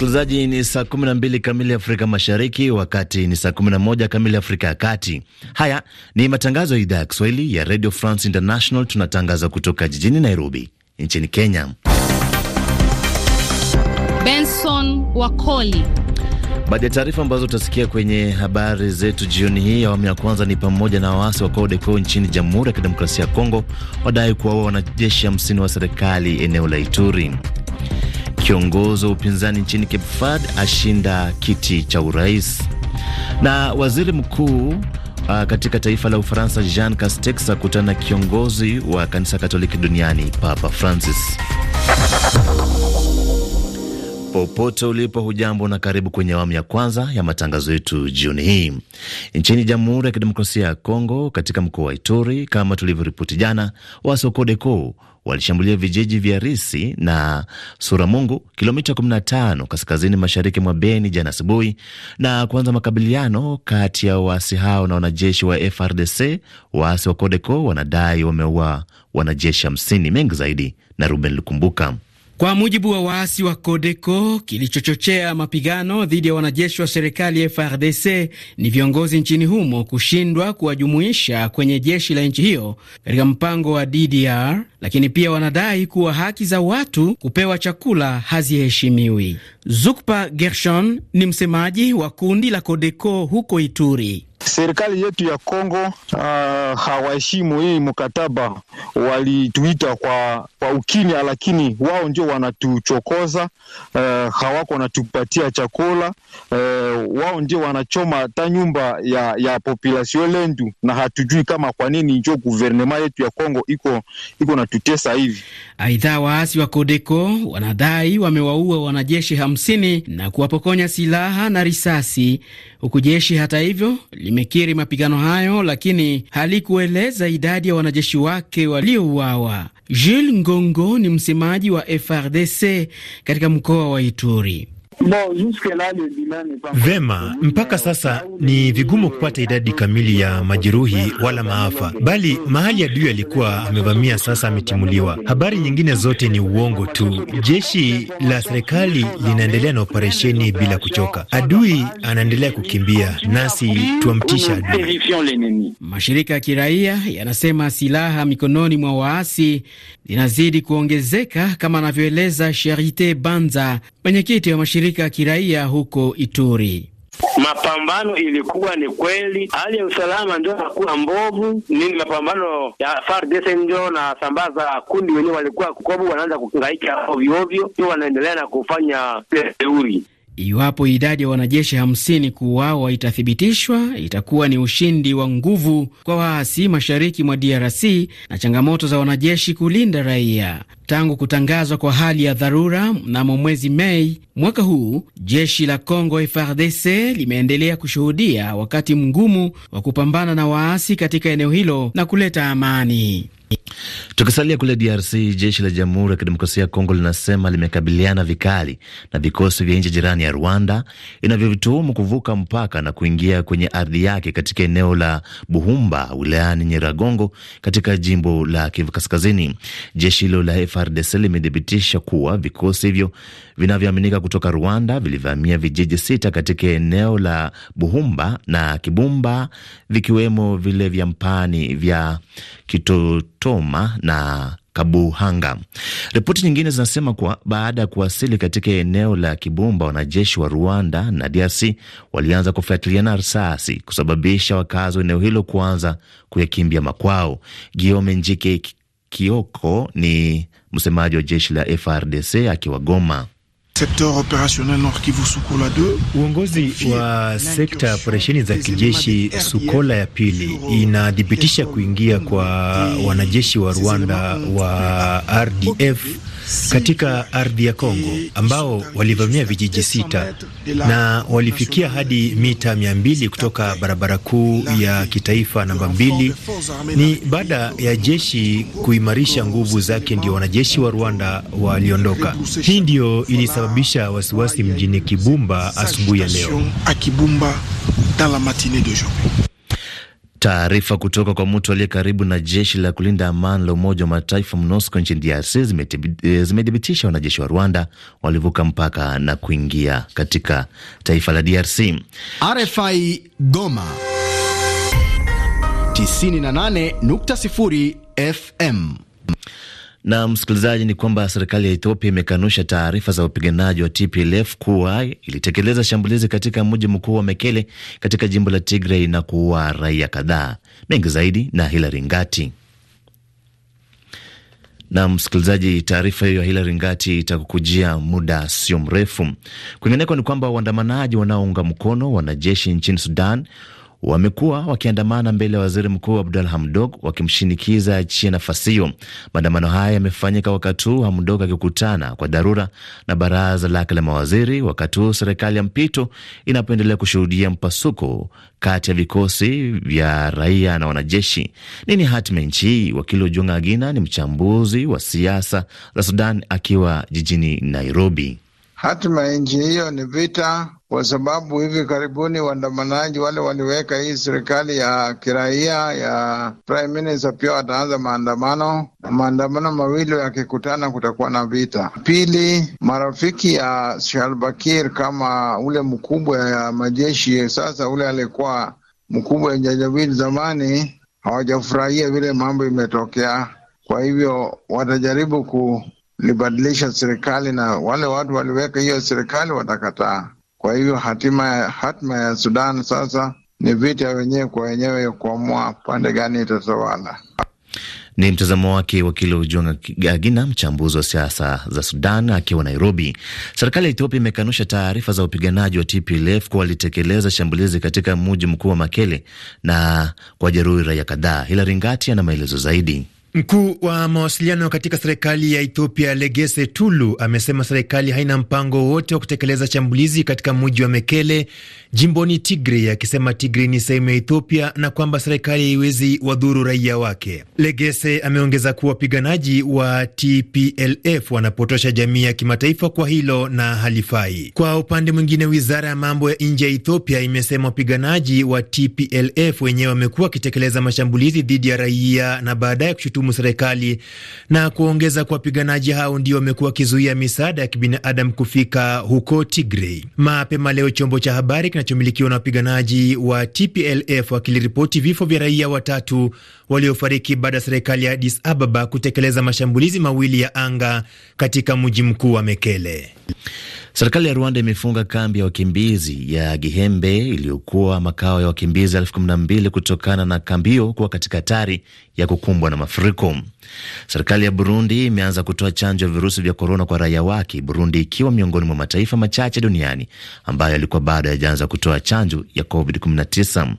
Msikilizaji, ni saa 12 kamili Afrika Mashariki, wakati ni saa 11 kamili Afrika ya Kati. Haya ni matangazo ya idhaa ya Kiswahili ya Radio France International. Tunatangaza kutoka jijini Nairobi nchini Kenya. Benson Wakoli. Baadhi ya taarifa ambazo utasikia kwenye habari zetu jioni hii awamu ya kwanza ni pamoja na waasi wa CODECO nchini Jamhuri ya Kidemokrasia ya Kongo wadai kuwaua wanajeshi hamsini wa serikali eneo la Ituri. Kiongozi wa upinzani nchini Cape Verde ashinda kiti cha urais, na waziri mkuu Uh, katika taifa la Ufaransa Jean Castex akutana na kiongozi wa kanisa Katoliki duniani Papa Francis. Popote ulipo hujambo na karibu kwenye awamu ya kwanza ya matangazo yetu jioni hii. Nchini Jamhuri ya Kidemokrasia ya Kongo, katika mkoa wa Ituri, kama tulivyoripoti jana, waasi wa CODECO walishambulia vijiji vya Risi na Suramungu, kilomita 15 kaskazini mashariki mwa Beni jana asubuhi, na kuanza makabiliano kati ya waasi hao na wanajeshi wa FRDC. Waasi wa CODECO wanadai wameua wanajeshi 50. Mengi zaidi na Ruben Lukumbuka. Kwa mujibu wa waasi wa Codeco, kilichochochea mapigano dhidi ya wanajeshi wa serikali FRDC ni viongozi nchini humo kushindwa kuwajumuisha kwenye jeshi la nchi hiyo katika mpango wa DDR lakini pia wanadai kuwa haki za watu kupewa chakula haziheshimiwi. Zukpa Gershon ni msemaji wa kundi la Kodeko huko Ituri. Serikali yetu ya Kongo uh, hawaheshimu hii mkataba, walituita kwa, kwa ukini, lakini wao ndio wanatuchokoza uh, hawako wanatupatia chakula uh, wao ndio wanachoma hata nyumba ya, ya populasio lendu, na hatujui kama kwa nini njo guvernema yetu ya Kongo iko, iko na wanatutesa hivi. Aidha, waasi wa Kodeko wanadai wamewaua wanajeshi hamsini na kuwapokonya silaha na risasi, huku jeshi hata hivyo limekiri mapigano hayo, lakini halikueleza idadi ya wanajeshi wake waliouawa. Jules Ngongo ni msemaji wa FRDC katika mkoa wa Ituri vema. Mpaka sasa ni vigumu kupata euh, idadi kamili ya majeruhi wala maafa, bali mahali adui alikuwa amevamia sasa ametimuliwa. Habari nyingine zote ni uongo tu. Jeshi la serikali linaendelea na operesheni bila kuchoka. Adui anaendelea kukimbia, nasi tuamtisha adui. Mashirika ya kiraia yanasema silaha mikononi mwa waasi linazidi kuongezeka kama anavyoeleza Sharite Banza mwenyekiti wa mashirika ya kiraia huko Ituri. Mapambano ilikuwa ni kweli, hali ya usalama ndio nakuwa mbovu nini. Mapambano ya FARDC ndio nasambaza kundi wenyewe walikuwa kukobu, wanaanza kuhangaika ovyo ovyo, ndio wanaendelea na kufanya teuri Iwapo idadi ya wanajeshi 50 kuuawa itathibitishwa, itakuwa ni ushindi wa nguvu kwa waasi mashariki mwa DRC na changamoto za wanajeshi kulinda raia. Tangu kutangazwa kwa hali ya dharura mnamo mwezi Mei mwaka huu, jeshi la Congo FRDC limeendelea kushuhudia wakati mgumu wa kupambana na waasi katika eneo hilo na kuleta amani. Tukisalia kule DRC, jeshi la Jamhuri ya Kidemokrasia ya Kongo linasema limekabiliana vikali na vikosi vya nchi jirani ya Rwanda inavyovituhumu kuvuka mpaka na kuingia kwenye ardhi yake katika eneo la Buhumba wilayani Nyiragongo katika jimbo la Kivu Kaskazini. Jeshi hilo la FRDC limethibitisha kuwa vikosi hivyo vinavyoaminika kutoka Rwanda vilivamia vijiji sita katika eneo la Buhumba na Kibumba, vikiwemo vile vya mpani vya kitoto toma na Kabuhanga. Ripoti nyingine zinasema kuwa baada ya kuwasili katika eneo la Kibumba, wanajeshi wa Rwanda na DRC walianza kufuatiliana risasi kusababisha wakazi wa eneo hilo kuanza kuyakimbia makwao. Giome Njike Kioko ni msemaji wa jeshi la FRDC akiwa Goma. Uongozi wa sekta ya operesheni za kijeshi Sukola ya pili inathibitisha kuingia kwa wanajeshi wa Rwanda wa RDF katika ardhi ya Kongo ambao walivamia vijiji sita na walifikia hadi mita mia mbili kutoka barabara kuu ya kitaifa namba mbili. Ni baada ya jeshi kuimarisha nguvu zake ndio wanajeshi wa Rwanda waliondoka. Hii ndiyo ilisababisha wasiwasi mjini Kibumba asubuhi ya leo. Taarifa kutoka kwa mtu aliye karibu na jeshi la kulinda amani la Umoja wa Mataifa MONUSCO nchini DRC zimethibitisha eh, wanajeshi wa Rwanda walivuka mpaka na kuingia katika taifa la DRC. RFI Goma 98.0 FM. Na msikilizaji, ni kwamba serikali ya Ethiopia imekanusha taarifa za wapiganaji wa TPLF kuwa ilitekeleza shambulizi katika mji mkuu wa Mekele katika jimbo la Tigray na kuua raia kadhaa. Mengi zaidi na Hilary Ngati. Na msikilizaji, taarifa hiyo ya Hilary Ngati itakukujia muda sio mrefu. Kwingineko ni kwamba waandamanaji wanaounga mkono wanajeshi nchini Sudan wamekuwa wakiandamana mbele ya waziri mkuu Abdul Hamdok wakimshinikiza achie nafasi hiyo. Maandamano haya yamefanyika wakati huu Hamdok akikutana kwa dharura na baraza lake la mawaziri, wakati huu serikali ya mpito inapoendelea kushuhudia mpasuko kati ya vikosi vya raia na wanajeshi. Nini hatima nchi hii? Wakili Ojwanga Agina ni mchambuzi wa siasa za Sudan akiwa jijini Nairobi. Hatima ya nchi hiyo ni vita, kwa sababu hivi karibuni waandamanaji wale waliweka hii serikali ya kiraia ya prime minister pia wataanza maandamano, na maandamano mawili yakikutana kutakuwa na vita. Pili, marafiki ya Shalbakir kama ule mkubwa ya majeshi sasa, ule aliyekuwa mkubwa ya Janjaweed zamani, hawajafurahia vile mambo imetokea, kwa hivyo watajaribu ku libadilisha serikali na wale watu waliweka hiyo serikali watakataa. Kwa hivyo hatima, hatima ya Sudan sasa ni vita wenyewe kwa wenyewe kuamua pande gani itatawala. Ni mtazamo wake wakili Ujunga Gagina, mchambuzi wa siasa za Sudan akiwa Nairobi. Serikali ya Ethiopia imekanusha taarifa za upiganaji wa TPLF kuwa walitekeleza shambulizi katika mji mkuu wa Makele na kwa jeruhi raia kadhaa. hilaringati ana maelezo zaidi. Mkuu wa mawasiliano katika serikali ya Ethiopia legese Tulu amesema serikali haina mpango wote wa kutekeleza shambulizi katika mji wa Mekele jimboni Tigri, akisema Tigri ni sehemu ya Ethiopia na kwamba serikali haiwezi wadhuru raia wake. legese ameongeza kuwa wapiganaji wa TPLF wanapotosha jamii ya kimataifa kwa hilo na halifai. Kwa upande mwingine, wizara ya mambo ya nje ya Ethiopia imesema wapiganaji wa TPLF wenyewe wamekuwa wakitekeleza mashambulizi dhidi ya raia na baadaye kuishutumu serikali na kuongeza kuwa wapiganaji hao ndio wamekuwa wakizuia misaada ya kibinadamu kufika huko tigrey Mapema leo chombo cha habari kinachomilikiwa na wapiganaji wa TPLF wakiliripoti vifo vya raia watatu waliofariki baada ya serikali ya Addis Ababa kutekeleza mashambulizi mawili ya anga katika mji mkuu wa Mekele. Serikali ya Rwanda imefunga kambi ya wakimbizi ya Gihembe iliyokuwa makao ya wakimbizi elfu kumi na mbili kutokana na kambi hiyo kuwa katika hatari ya kukumbwa na mafuriko. Serikali ya Burundi imeanza kutoa chanjo ya virusi vya korona kwa raia wake, Burundi ikiwa miongoni mwa mataifa machache duniani ambayo yalikuwa bado yajaanza kutoa chanjo ya COVID-19.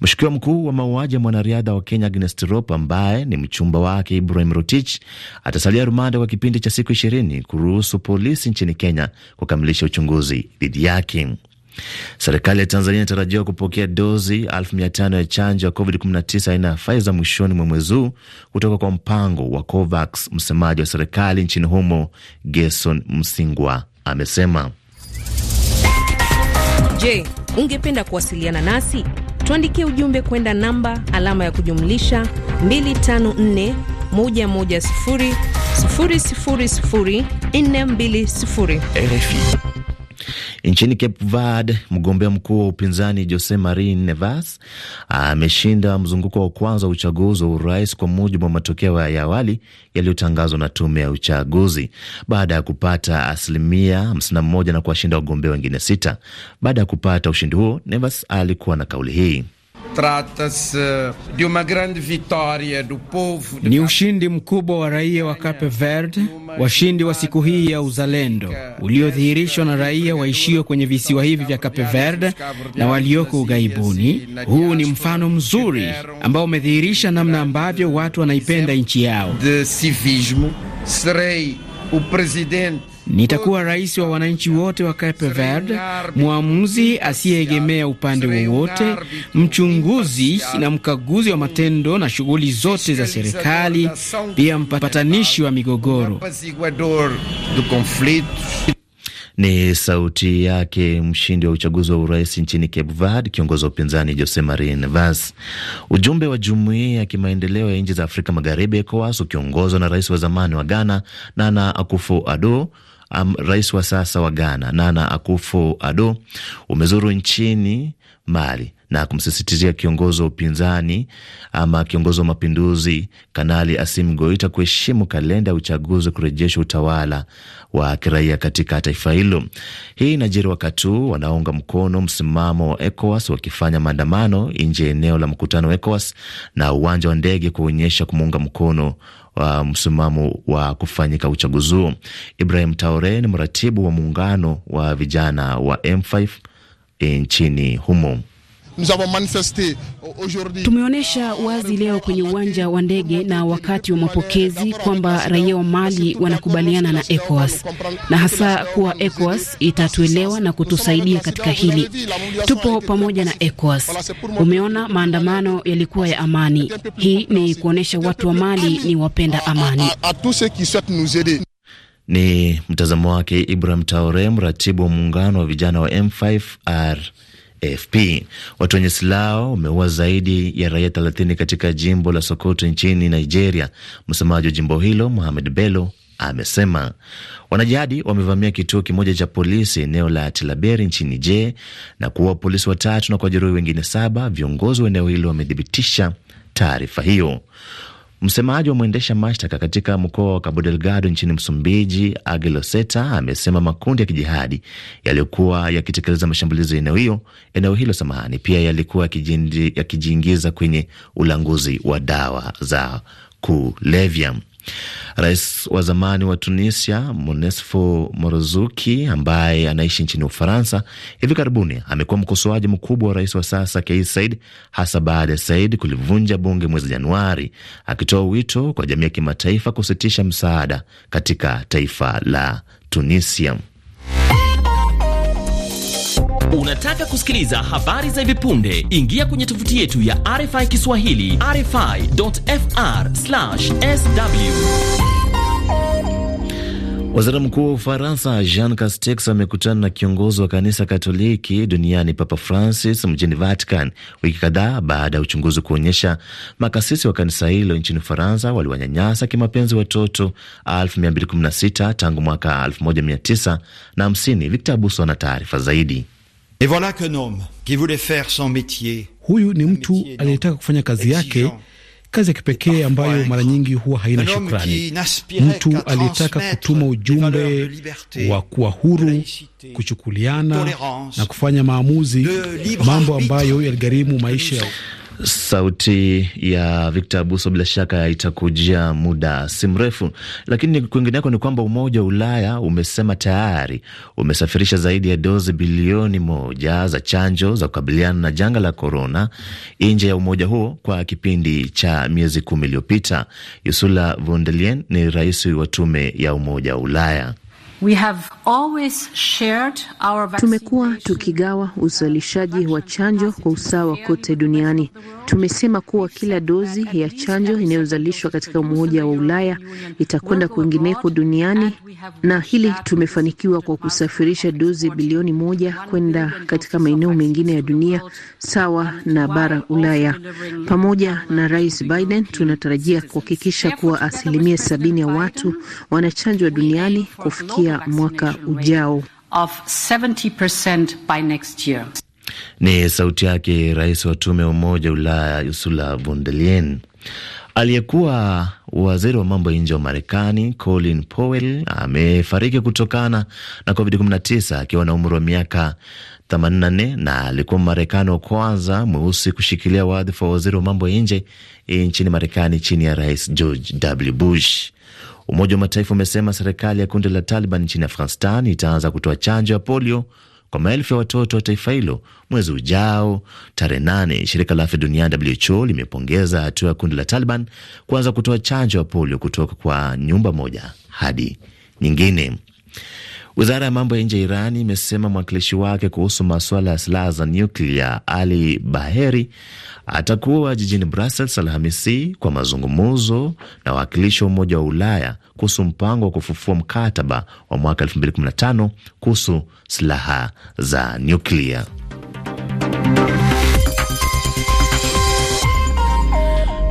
Mshukiwa mkuu wa mauaji ya mwanariadha wa Kenya Agnes Tirop ambaye ni mchumba wake Ibrahim Rotich atasalia rumanda kwa kipindi cha siku ishirini kuruhusu polisi nchini Kenya kukamilisha uchunguzi dhidi yake. Serikali ya Tanzania inatarajiwa kupokea dozi elfu mia tano ya chanjo ya COVID-19 aina ya Pfizer mwishoni mwa mwezi huu kutoka kwa mpango wa COVAX. Msemaji wa serikali nchini humo Gerson Msingwa amesema. Je, ungependa kuwasiliana nasi? Tuandikie ujumbe kwenda namba alama ya kujumlisha 254 110 RFI. Nchini Cape Verde, mgombea mkuu wa upinzani Jose Marie Nevas ameshinda mzunguko wa kwanza wa uchaguzi wa urais kwa mujibu wa matokeo ya awali yaliyotangazwa na tume ya uchaguzi baada ya kupata asilimia 51 na kuwashinda wagombea wengine sita. Baada ya kupata ushindi huo, Nevas alikuwa na kauli hii. Trata-se de uma grande vitória do povo. Ni ushindi mkubwa wa raia wa Cape Verde, washindi wa siku hii ya uzalendo uliodhihirishwa na raia waishio kwenye visiwa hivi vya Cape Verde na walioko ughaibuni. Huu ni mfano mzuri ambao umedhihirisha namna ambavyo watu wanaipenda nchi yao. Nitakuwa rais wa wananchi wote wa Cape Verde, mwamuzi asiyeegemea upande wowote, mchunguzi na mkaguzi wa matendo na shughuli zote za serikali, pia mpatanishi wa migogoro. Ni sauti yake mshindi wa uchaguzi wa urais nchini Cape Verde, kiongozi wa upinzani Jose Maria Nevas. Ujumbe wa jumuiya ya kimaendeleo ya nchi za Afrika Magharibi, ECOWAS, ukiongozwa na rais wa zamani wa Ghana Nana Akufo-Addo um, rais wa sasa wa Ghana Nana akufo ado umezuru nchini Mali na kumsisitizia kiongozi wa upinzani ama kiongozi wa mapinduzi Kanali asim Goita kuheshimu kalenda ya uchaguzi kurejesha utawala wa kiraia katika taifa hilo. Hii inajiri wakati huu wanaunga mkono msimamo wa ECOWAS wakifanya maandamano nje ya eneo la mkutano wa ECOWAS na uwanja wa ndege kuonyesha kumuunga mkono wa msimamo wa kufanyika uchaguzi huo. Ibrahim taore ni mratibu wa muungano wa vijana wa M5 eh, nchini humo. Tumeonyesha wazi leo kwenye uwanja wa ndege na wakati wa mapokezi kwamba raia wa Mali wanakubaliana na ECOWAS na hasa kuwa ECOWAS itatuelewa na kutusaidia katika hili. Tupo pamoja na ECOWAS. Umeona maandamano yalikuwa ya amani. Hii ni kuonyesha watu wa Mali ni wapenda amani. Ni mtazamo wake Ibrahim taore mratibu wa muungano wa vijana wa M5R AFP. Watu wenye silaha wameua zaidi ya raia 30 katika jimbo la Sokoto nchini Nigeria. Msemaji wa jimbo hilo Mohamed Bello amesema wanajihadi wamevamia kituo kimoja cha polisi eneo la Tilaberi nchini je na kuua polisi watatu na jeruhi wengine saba. Viongozi wa eneo hilo wamethibitisha taarifa hiyo. Msemaji wa mwendesha mashtaka katika mkoa wa Cabo Delgado nchini Msumbiji, Agiloseta, amesema makundi ya kijihadi yaliyokuwa yakitekeleza mashambulizi ya eneo hiyo eneo hilo samahani, pia yalikuwa yakijiingiza kwenye ulanguzi wa dawa za kulevya. Rais wa zamani wa Tunisia monesfo Morozuki ambaye anaishi nchini Ufaransa hivi karibuni amekuwa mkosoaji mkubwa wa rais wa sasa Kais Said, hasa baada ya Said kulivunja bunge mwezi Januari, akitoa wito kwa jamii ya kimataifa kusitisha msaada katika taifa la Tunisia. Unataka kusikiliza habari za hivi punde? Ingia kwenye tovuti yetu ya RFI Kiswahili, rfi.fr/sw. Waziri Mkuu wa Ufaransa Jean Castex amekutana na kiongozi wa kanisa Katoliki duniani Papa Francis mjini Vatican wiki kadhaa baada ya uchunguzi kuonyesha makasisi wa kanisa hilo nchini Ufaransa waliwanyanyasa kimapenzi watoto 216 tangu mwaka 1950. Victor Abuso ana taarifa zaidi. Et voilà qu'un homme qui voulait faire son métier. Huyu ni mtu aliyetaka kufanya kazi yake, kazi ya kipekee ambayo mara nyingi huwa haina shukrani, mtu aliyetaka kutuma ujumbe wa kuwa huru, kuchukuliana na kufanya maamuzi, mambo ambayo yaligharimu maisha ya Sauti ya Victor Abuso bila shaka itakujia muda si mrefu, lakini kwingineko ni kwamba Umoja wa Ulaya umesema tayari umesafirisha zaidi ya dozi bilioni moja za chanjo za kukabiliana na janga la korona nje ya umoja huo kwa kipindi cha miezi kumi iliyopita. Ursula von der Leyen ni rais wa tume ya Umoja wa Ulaya. We have Tumekuwa tukigawa uzalishaji wa chanjo kwa usawa kote duniani. Tumesema kuwa kila dozi ya chanjo inayozalishwa katika Umoja wa Ulaya itakwenda kwingineko duniani, na hili tumefanikiwa kwa kusafirisha dozi bilioni moja kwenda katika maeneo mengine ya dunia sawa na bara Ulaya. Pamoja na Rais Biden, tunatarajia kuhakikisha kuwa asilimia sabini ya watu wanachanjwa duniani kufikia mwaka ujao. Ni sauti yake rais wa tume ya Umoja Ulaya Ursula von der Leyen. Aliyekuwa waziri wa mambo ya nje wa Marekani Colin Powell amefariki kutokana na COVID-19 akiwa na umri wa miaka 84 na alikuwa Marekani wa kwanza mweusi kushikilia wadhifa wa waziri wa mambo ya nje nchini Marekani chini ya rais George W. Bush. Umoja wa Mataifa umesema serikali ya kundi la Taliban nchini Afghanistan itaanza kutoa chanjo ya polio kwa maelfu ya watoto wa taifa hilo mwezi ujao tarehe nane. Shirika la afya duniani WHO limepongeza hatua ya kundi la Taliban kuanza kutoa chanjo ya polio kutoka kwa nyumba moja hadi nyingine. Wizara ya mambo ya nje ya Iran imesema mwakilishi wake kuhusu masuala ya silaha za nyuklia Ali Baheri atakuwa jijini Brussels Alhamisi kwa mazungumzo na wawakilishi wa Umoja wa Ulaya kuhusu mpango wa kufufua mkataba wa mwaka 2015 kuhusu silaha za nyuklia.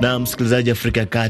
Na msikilizaji Afrika